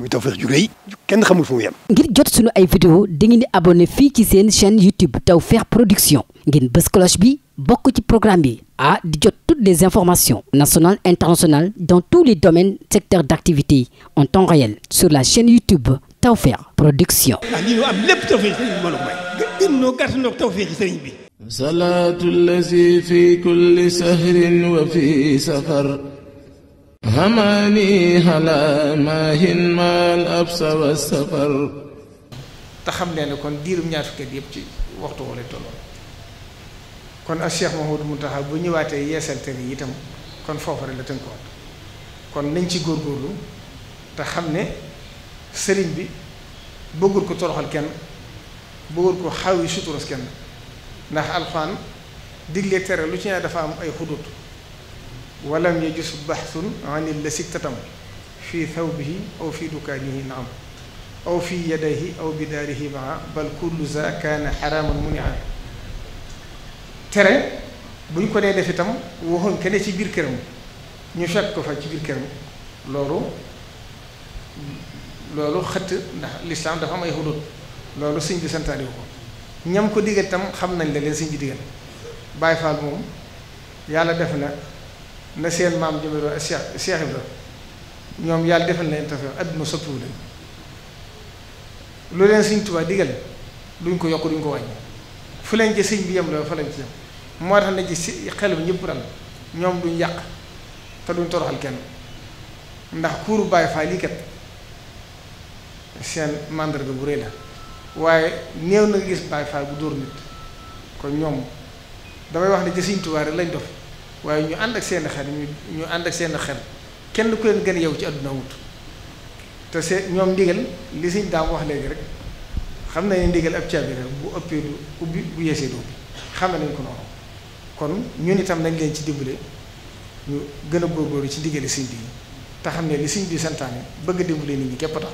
muy Tawfekh ju rëy kenn xamul fu mu jot sunu ay bi bokk ci programme bi ah di jot toutes les informations nationales internationales dans tous les domaines secteurs d'activité en temps réel sur la chaîne YouTube Tawfekh Production. ah lii ñu am lépp Tawfekh sëriñ bi mbooloo mooy. gën gën ñoo gàtt ñoo Tawfekh sëriñ bi. salaatu lazi fi kulli sahrin wa fi safar. hamani hala mahin mal absa wa safar te xam leen ne kon diirum ñaar fukki yëpp ci waxtu wala tolloon kon ak Cheikh Mouhamadou Mountakha bu ñëwaatee yeesal tër yi itam kon foofu la tënkuwaat kon nañ ci góor góorlu te xam ne sëriñ bi bëggul ko toroxal kenn bëggul ko xaw yi kenn ndax alxuraan digle tere lu ci ne dafa am ay xudut walam yajus baxsun an illasi tatam fii thawbihi aw fi dukaanihi naam aw fi yadayhi aw bidaarihi maa bal kullu za kaana xaraaman munia tere bu ñu ko dee def itam waxuñ ke ci biir këram ñu fekk ko fa ci biir këram loolu loolu xëtt ndax lislaam dafa am ay loolu sëñ bi santaane ko ñam ko digal itam xam nañ la leen sëñ bi digal Baay moom yàlla def na na seen maam jëme doon ak Cheikh Cheikh Ibra ñoom yàlla defal na leen tafeex àdduna soppiwu leen lu leen Sëñ Tuubaa digal duñ ko yokk duñ ko wàññi fu leen ci sëñ bi yem la fa lañ ci yem moo tax na ci si ñëpp dal ñoom duñ yàq te duñ ndax kuuru Baay Faal yi seen màndarga bu rëy la waaye néew na gis Baay bu dóor nit kon ñoom damay wax ne ci Sëñ Tuubaa lañ dof waaye ñu ànd ak seen xel ñu ànd ak seen xel kenn ku leen gën a yow ci àdduna wut te se ñoom ndigal li siñ daam wax léegi rek xam na nañu ndigal ab caabi rek bu ëppee du ubbi bu yeesee du ubbi xam nañ ko noonu kon ñun itam nañ leen ci dimbale ñu gën a góorgóorlu ci ndigali siñ te xam ne li siñ bi santaane bëgg dimbale nit ñi képp tax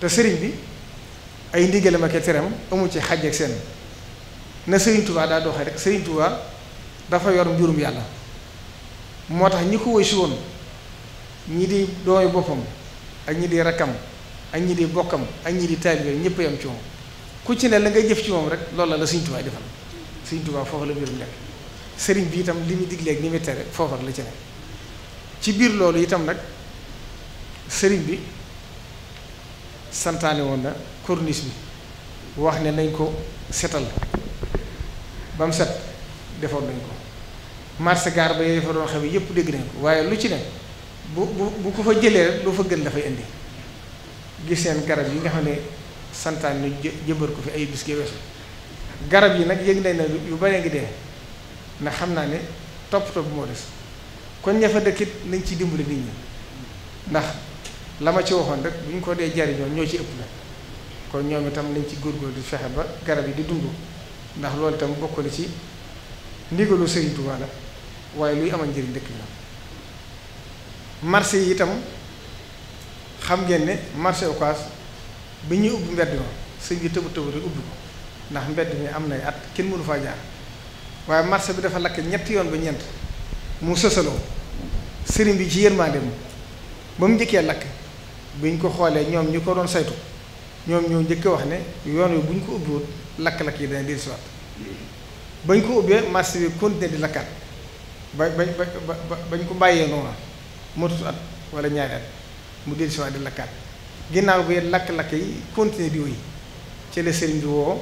te sëriñ bi ay ndigale ma ke teram amul ci xàjj ak seen na sëriñ Tuubaa daa doxee rek sëriñ Tuubaa dafa yor mbirum yàlla moo tax ñi ko woy si woon ñi di dooy boppam ak ñi di rakkam ak ñi di bokkam ak ñi di taalibe ñëpp yam ci moom ku ci ne la ngay jëf ci moom rek loolu la Sëriñ Tuubaa defal Sëriñ Tuubaa foofu la mbirum nekk sëriñ bi itam li mu digleeg ni mu tere foofa la ci ne ci biir loolu itam nag sëriñ bi santaane woon na korniis bi wax ne nañ ko setal bam set defoon nañ ko marché gaar ba yooyu fa doon xew yëpp dégg nañ ko waaye lu ci ne bu bu bu ko fa jëlee rek lu fa gën dafay indi gis seen garab yi nga xam ne santaan ñu jëmbar ko fi ay bis weesu garab yi nag yëg nañ ne yu bare ngi dee ndax xam naa ne topp topp moo des kon ña fa dëkkit nañ ci dimbali nit ñi ndax la ma ci waxoon rek bu ñu ko dee jariñoo ñoo ci ëpp la kon ñoom itam nañ ci góor di fexe ba garab yi di dund ndax loolu itam bokk ci ndigalu Sëriñ waaye luy amal njëriñ dëkk bi la marché yi itam xam ngeen ne marché Ocass bi ñuy ubbi mbedd ma sëñ bi tëbu tëbu rek ubbi ko ndax mbedd mi am nay at kenn mënu faa jaar waaye marché bi dafa lakk ñetti yoon ba ñeent mu sësaloo sëriñ bi ci yërmandeem ba mu njëkkee lakk bi ñu ko xoolee ñoom ñu ko doon saytu ñoom ñoo njëkk wax ne yoon wi bu ñu ko ubbiwut lakk-lakk yi dana dellusiwaat ba ñu ko ubbee marché bi continué di lakkaat ba ba ba bañ ko bàyyee noonu motut at wala ñaari at mu dellu si waat di lakkaat ginnaaw bi lakk-lakk yi continuer di wéy ci la sëriñ bi woo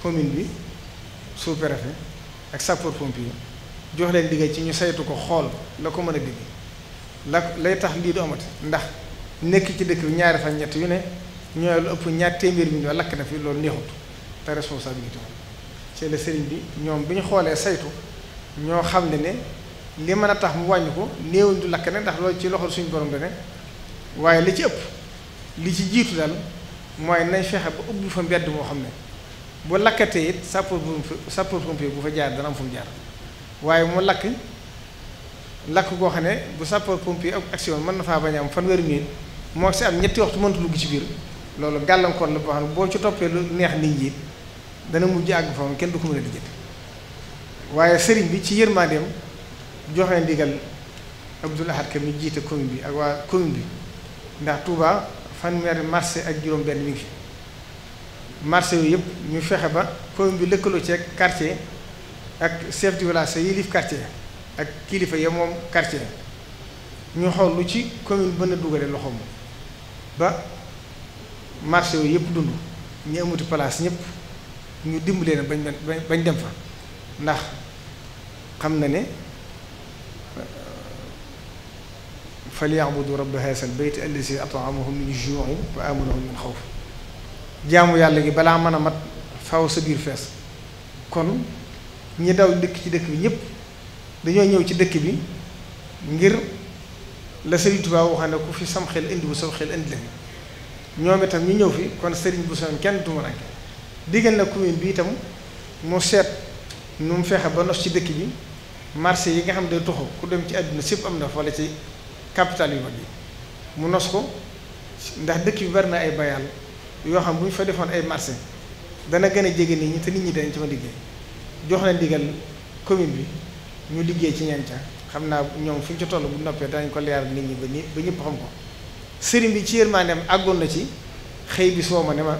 commune bi sous-préfet ak sapeurs-pompiers jox leen liggéey ci ñu saytu ko xool la ko mën a digg la lay tax lii du amati ndax nekk ci dëkk bi ñaari fan ñett yu ne ñooy lu ëpp ñaar téeméer bi ñu lakk na fi loolu neexut te responsabilité ci la sëriñ bi ñoom bi ñu xoolee saytu ñoo xam ne ne li mën a tax mu wàññi ko néewal du lakk ne ndax loolu ci loxol suñu borom dene waaye li ci ëpp li ci jiitu daal mooy nañ fexe ba ubbi fa mbedd moo xam ne bu lakkatee it sapeur sapeur pompier bu fa jaar dana am fu mu jaar waaye mu lakk lakk goo xam ne bu sapeur pompier ak action mën na faa bañ a am fanweeri minute moo si am ñetti waxtu mënta dugg ci biir loolu gàllankoor la boo xam boo ci toppee lu neex nit ñi dana mujj àgg foofu kenn du ko mën a lijjanti waaye sëriñ bi ci dem joxe ndigal Abdoul Ahad Ka mi jiite commune bi ak waa commune bi ndax Touba fanweeri marché ak juróom-benn mi ngi marché yooyu yëpp ñu fexe ba commune bi lëkkaloo ci quartier ak chef du village sa yilif quartier ak kilifa ya moom quartier ñu xool lu ci commune bën a dugale loxoom ba marché yooyu yëpp dund ñu amuti place ñëpp ñu dimbali leen bañ bañ dem fa. ndax xam na ne euh, falyabudu rabba haasal bayt allazi atamahum min juin wa amanahum min xawf jaamu yàlla gi balaa mën a mat faw sa biir fees kon ñi daw dëkk ci dëkk bi ñëpp dañoo ñëw ci dëkk bi ngir la Sëriñ Tuubaa waxoon ku fi sam xel indi bu sam xel indi la ñoom itam ñu ñëw fi kon sëriñ bu soñ kenn du mu rànk digal na commune bi itam mu seet nu mu fexe ba nos ci dëkk bi marché yi nga xam ne toxo ku dem ci àdduna sépp am na fa ci capital yu mag yi mu nos ko ndax dëkk bi bari na ay bayal yoo xam bu ñu fa defoon ay marché dana gën a jege nit ñi te nit ñi dañ ci liggéey jox na ndigal commune bi ñu liggéey ci ñanca xam naa ñoom fu ñu ci toll bu noppee danañ ko leeral nit ñi ba ni ba ñëpp xam ko sëriñ bi ci yërmandeem àggoon na ci xëy bi soo ma ne ma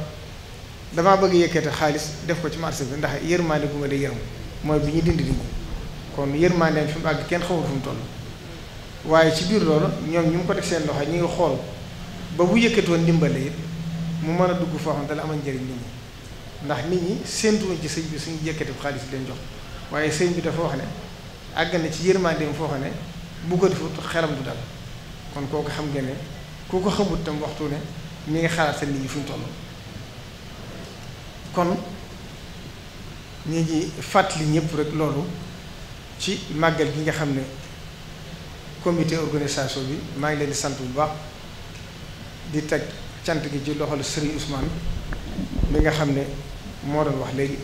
damaa bëgg yëkkate xaalis def ko ci marché bi ndax yërmande bu ma dee yërëm mooy bi ñu dindi di kon yërmandeem fi mu àgg kenn xamul fu mu waaye ci biir loolu ñoom ñu ngi ko teg seen loxo ñu ngi xool ba bu yëkkatoon ndimbale it mu mën a dugg foo xam dana amal njëriñ li ñi ndax nit ñi séentuwuñ ci sëñ bi suñu yëkkati xaalis leen jox waaye sëñ bi dafa wax ne àgg na ci yërmandeem foo xam ne bu ko defut xelam du dal kon kooku xam nga ne ku ko xamut tam waxtu ne mi ngi xalaat sa nit ñi fu ñu kon. ñu ngi fàttali ñëpp rek loolu ci màggal gi nga xam ne comité organisation bi maa ngi leen di sant bu baax di teg cant gi ci loxol Serigne Ousmane mi nga xam ne moo doon wax léegi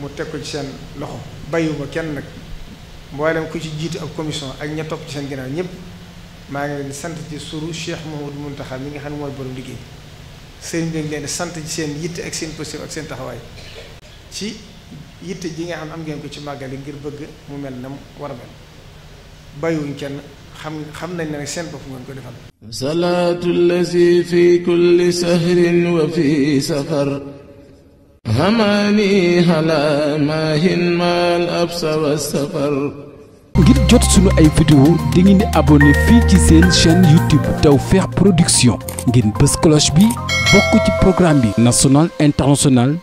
mu teg ko ci seen loxo bàyyiwuma kenn nag mboolem ku ci jiitu ak commission ak ña topp ci seen ginnaaw ñëpp maa ngi leen di sant ci suru Cheikh mun Mountakha mi nga xam ne mooy borom liggéey sëriñ bi leen sant ci seen yitte ak seen positif ak seen taxawaay ci. yitte ji nga xam am ngeen ko ci màggal yi ngir bëgg mu mel na mu war a mel bàyyiwuñ kenn xam nañ ne seen bopp ngeen ko defal salaatu llazi fi kulli sahrin wa fi safar hamani hala maahin maal absa wa safar ngir jot sunu ay vidéo di ngeen di fii ci seen chaîne YouTube Tawfekh Production ngeen bës cloche bi bokk ci programme bi national international